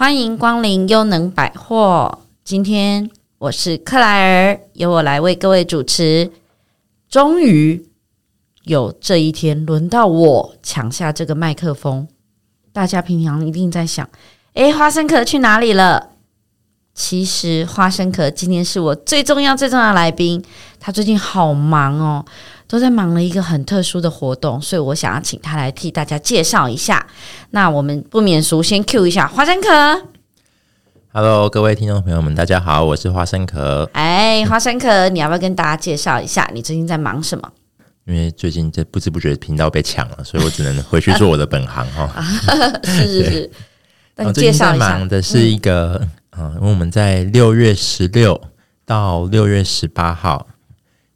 歡迎光臨優能百貨。今天我是克萊爾，由我來為各位主持。終於有這一天，輪到我搶下這個麥克風。大家平常一定在想，誒，花生殼去哪裡了？其實花生殼今天是我最重要最重要的來賓，他最近好忙哦，都在忙了一個很特殊的活動，所以我想要請他來替大家介紹一下。那我們不免俗，先 Q 一下花生殼。Hello，各位聽眾朋友們，大家好，我是花生殼。哎，花生殼，嗯、你要不要跟大家介紹一下你最近在忙什麼？因為最近這不知不覺頻道被搶了，所以我只能回去做我的本行哈。 是是是，那 對你介紹一下最近在忙的是一個、嗯。啊，因為、嗯、我們在六月十六到六月十八號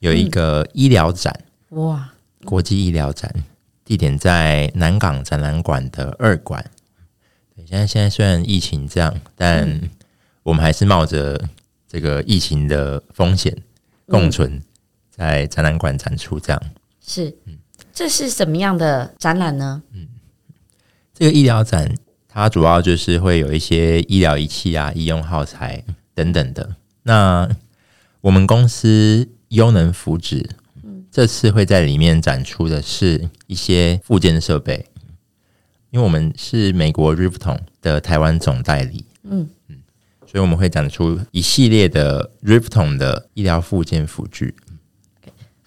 有一個醫療展，嗯，哇，國際醫療展，地點在南港展覽館的二館。對，現在現在雖然疫情這樣，但我們還是冒着這個疫情的風險、嗯、共存在展覽館展出這樣。是，嗯、這是什麼樣的展覽呢？嗯，這個醫療展。它主要就是會有一些醫療儀器啊、醫用耗材等等的。那我們公司優能福祉，嗯、這次會在裡面展出的是一些復健設備，因為我們是美國 Ripton 的台灣總代理，嗯，嗯，所以我們會展出一系列的 Ripton 的醫療復健輔具。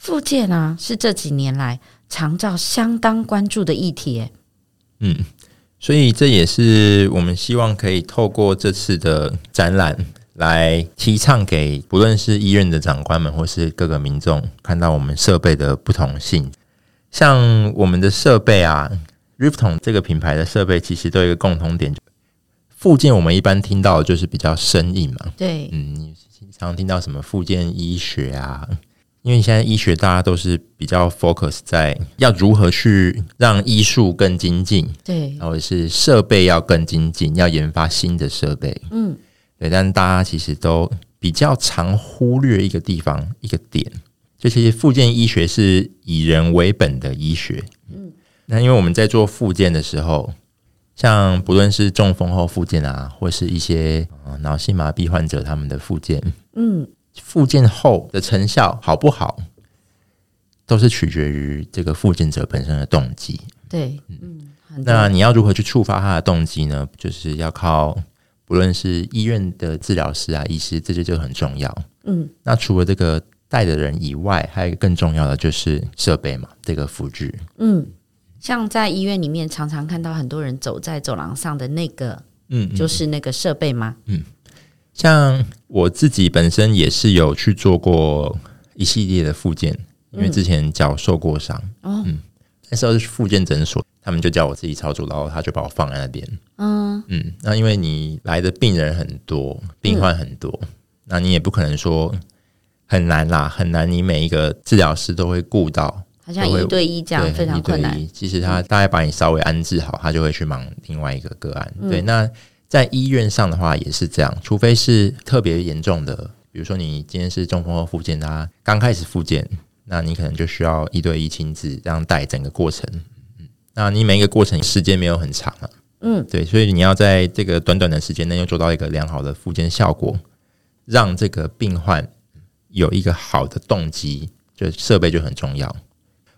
復健呢，是這幾年來長照相當關注的議題，嗯。所以這也是我們希望可以透過這次的展覽來提倡給不論是醫院的長官們或是各個民眾，看到我們設備的不同性。像我們的設備啊，Rifton 這個品牌的設備其實都有一個共同點，復健我們一般聽到的就是比較生硬嘛。對，嗯，你經常聽到什麼復健醫學啊。因為現在，醫學，大家都是比較 focus 在要如何去讓醫術更精進，對，然後是設備要更精進，要研發新的設備，嗯，對。但大家其實都比較常忽略一個地方、一個點，就其實復健醫學是以人為本的醫學，嗯。那因為我們在做復健的時候，像不論是中風後復健啊，或是一些腦性麻痹患者他們的復健，嗯。復健後的成效好不好，都是取決於這個復健者本身的動機。對，嗯，嗯，那你要如何去觸發他的動機呢？就是要靠不論是醫院的治療師啊、醫師，這些就很重要。嗯，那除了這個帶的人以外，還有一個更重要的就是設備嘛，這個輔具，嗯，像在醫院裡面常常看到很多人走在走廊上的那個，嗯，嗯，就是那個設備嗎？嗯。嗯像我自己本身也是有去做過一系列的復健，嗯、因為之前腳受過傷。嗯，那時候是復健診所，他們就叫我自己操作，然後他就把我放在那邊。嗯嗯，那因為你來的病人很多，病患很多，嗯、那你也不可能說很難啦，很難，你每一個治療師都會顧到。好像一對一這樣，對，非常困難。一對一。其實他大概把你稍微安置好，他就會去忙另外一個個案。嗯、對，那。在醫院上的話也是這樣，除非是特別嚴重的，比如說你今天是中風後復健，他剛開始復健，那你可能就需要一對一親自這樣帶整個過程。嗯，那你每一個過程時間沒有很長啊，嗯，對，所以你要在這個短短的時間內又做到一個良好的復健效果，讓這個病患有一個好的動機，就設備就很重要。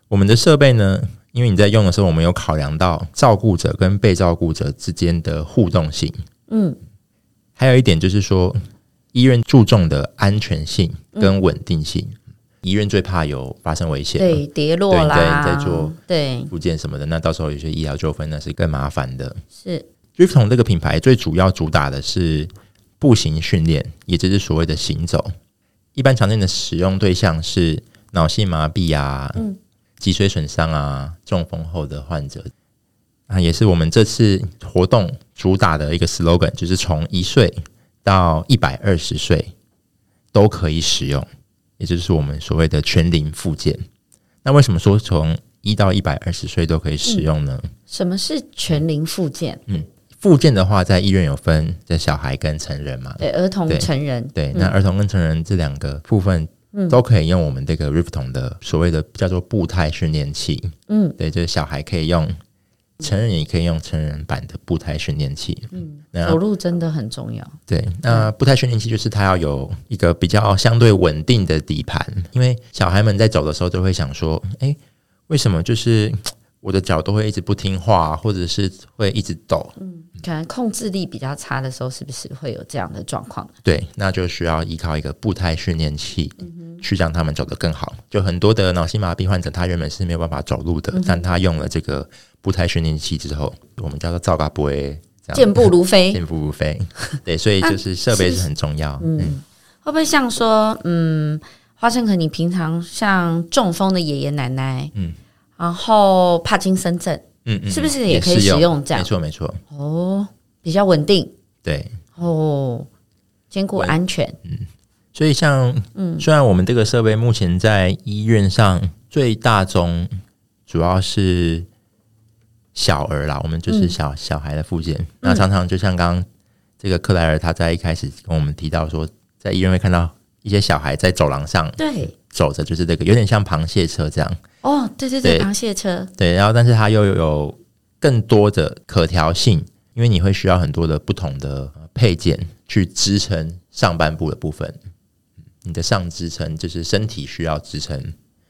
我們的設備呢？因為你在用的時候，我們有考量到照顧者跟被照顧者之間的互動性。嗯，還有一點就是說，醫院注重的安全性跟穩定性。醫、嗯、院最怕有發生危險，對跌落啦，對在,在做對復健什麼的，對那到時候有些醫療糾紛，那是更麻煩的。是，Rifton 這個品牌最主要主打的是步行訓練，也就是所謂的行走。一般常見的使用對象是腦性麻痹呀、啊。嗯。脊髓損傷啊，中風後的患者啊，也是我們這次活動主打的一個 slogan，就是從一歲到一百二十歲都可以使用，也就是我們所謂的全齡復健。那為什麼說從一到一百二十歲都可以使用呢？嗯、什麼是全齡復健？嗯，復健的話，在醫院有分在小孩跟成人嘛？對，兒童、成人。對，對嗯、那兒童跟成人這兩個部分。都可以用我們這個 Rifton 的所謂的叫做步態訓練器，嗯，對，就是小孩可以用，成人也可以用成人版的步態訓練器，嗯，那走路真的很重要，對，那步態訓練器就是它要有一個比較相對穩定的底盤，因為小孩們在走的時候都會想說，哎、欸，為什麼就是我的腳都會一直不聽話，或者是會一直抖，嗯，可能控制力比較差的時候，是不是會有這樣的狀況？對，那就需要依靠一個步態訓練器。嗯去讓他們走得更好。就很多的腦性麻痹患者，他原本是沒有辦法走路的，嗯、但他用了這個步態訓練器之後，我們叫做造嘎 a 步健步如飛，健步如飛。對，所以就是設備是很重要。啊、嗯，嗯，會不會像說，嗯，花生殼，你平常像中風的爺爺奶奶，嗯，然後帕金森症，嗯，嗯嗯，是不是也可以使用這樣？沒錯沒錯。哦，比較穩定，對，哦，兼顧安全，嗯。所以，像嗯，雖然我們這個設備目前在醫院上最大宗，主要是小兒啦，我們就是小、嗯、小孩的復健，那常常就像剛剛這個克萊爾他在一開始跟我們提到說，在醫院會看到一些小孩在走廊上對走着，就是這個有點像螃蟹車這樣。哦，對對對，對螃蟹車。對，然後但是它又有更多的可調性，因為你會需要很多的不同的配件去支撐上半部的部分。你的上支撐就是身體需要支撐，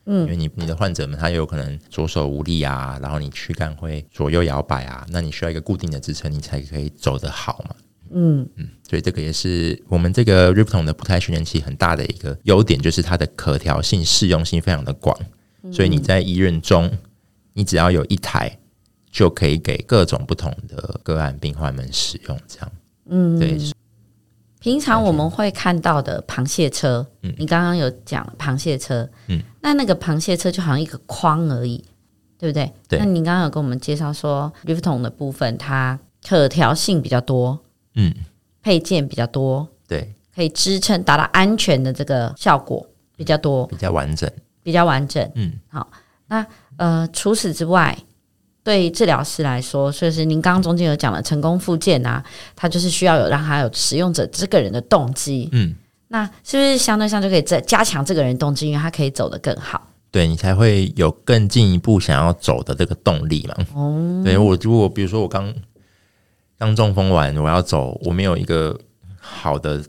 嗯，因為你你的患者們他有可能左手無力啊，然後你軀幹會左右搖擺啊，那你需要一個固定的支撐，你才可以走得好嘛，嗯嗯，所以這個也是我們這個 Rifton 的步態訓練器很大的一個優點，就是它的可調性、適用性非常的廣，所以你在醫院中，你只要有一台，就可以給各種不同的個案病患們使用，這樣，嗯，對。平常我們會看到的螃蟹車，嗯安全，你剛剛有講螃蟹車，嗯，那那個螃蟹車就好像一個框而已，對不對？對。那你剛剛有跟我們介紹說，Rifton 的部分它可調性比較多，嗯，配件比較多，對，可以支撐達到安全的這個效果比較多，比較完整，比較完整，完整嗯，好。那呃，除此之外。對治療師來說，所以是您剛剛中間有講了成功復健啊，他就是需要有讓他有使用者這個人的動機。嗯，那是不是相對上就可以再加強這個人的動機，因為他可以走得更好？對你才會有更進一步想要走的這個動力嘛？哦，對我如果比如說我剛剛中風完，我要走，我沒有一個好的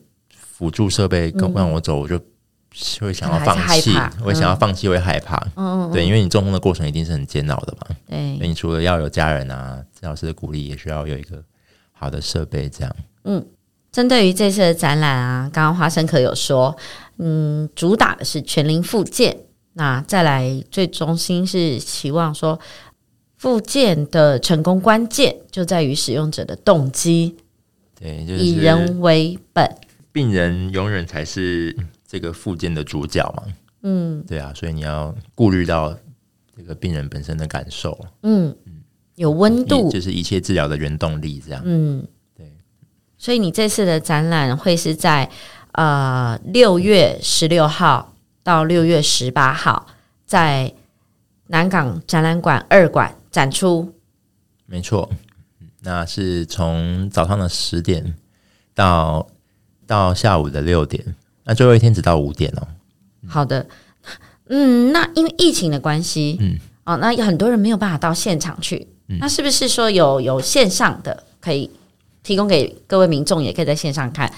輔助設備跟不讓我走，我就、嗯。會想要放棄，會想要放棄，會害怕。嗯對，因為你中風的過程一定是很煎熬的嘛。嗯、對，那你除了要有家人啊、老師的鼓勵，也需要有一個好的設備。這樣，嗯，針對於這次的展覽啊，剛剛花生可有說，嗯，主打的是全靈復健，那再來最中心是期望說，復健的成功關鍵就在於使用者的動機。對，就是、以人為本，病人永遠才是。這個附件的主角嘛，嗯，對啊，所以你要顧慮到這個病人本身的感受，嗯，嗯，有溫度，就是一切治療的原動力，這樣，嗯，對。所以你這次的展覽會是在呃六月十六號到六月十八號，在南港展覽館二館展出。嗯，嗯。沒錯，那是從早上的十點到到下午的六點，那最後一天只到五點哦、嗯。好的，嗯，那因為疫情的關係，嗯，哦，那有很多人沒有辦法到現場去。嗯、那是不是說有有線上的可以提供給各位民眾，也可以在線上看？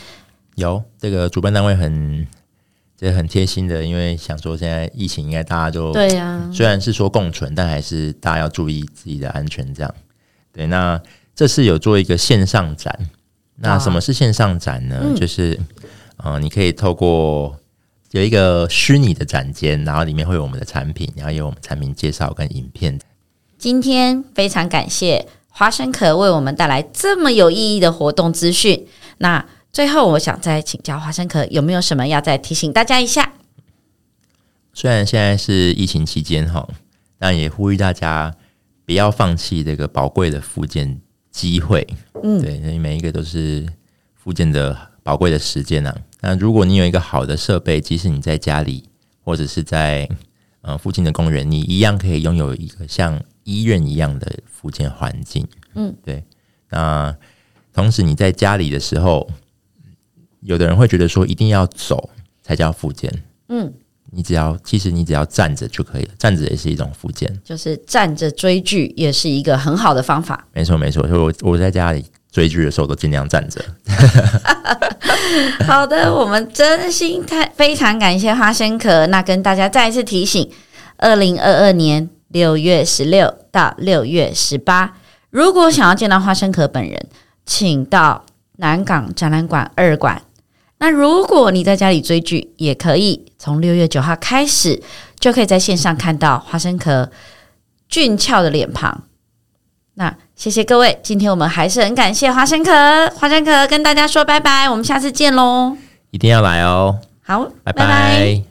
有，這個主辦單位很這很貼心的，因為想說現在疫情應該大家都對呀、啊，雖然是說共存，但還是大家要注意自己的安全。這樣對，那這次有做一個線上展。那什麼是線上展呢？哦嗯、就是。嗯，你可以透過有一個虛擬的展間，然後裡面會有我們的產品，然後有我們產品介紹跟影片。今天非常感謝花生殼為我們帶來這麼有意義的活動資訊。那最後，我想再請教花生殼有沒有什麼要再提醒大家一下？雖然現在是疫情期間哈，但也呼籲大家不要放棄這個寶貴的復健機會。嗯，對，因為每一個都是復健的寶貴的時間啊。那如果你有一個好的設備，即使你在家裡或者是在呃附近的公園，你一樣可以擁有一個像醫院一樣的復健環境。嗯，對。那同時你在家裡的時候，有的人會覺得說一定要走才叫復健。嗯，你只要其實你只要站着就可以了，站着也是一種復健，就是站着追劇也是一個很好的方法。沒錯，沒錯。所以我我在家裡。追劇的時候都儘量站着。 好的，我們真心太非常感謝花生殼。那跟大家再一次提醒：二零二二年六月十六到六月十八，如果想要見到花生殼本人，請到南港展覽館二館。那如果你在家裡追劇，也可以從六月九號開始，就可以在線上看到花生殼俊俏的臉龐。那。謝謝各位，今天我們還是很感謝花生殼，花生殼跟大家說拜拜，我們下次見嘍，一定要來哦，好，拜拜。拜拜。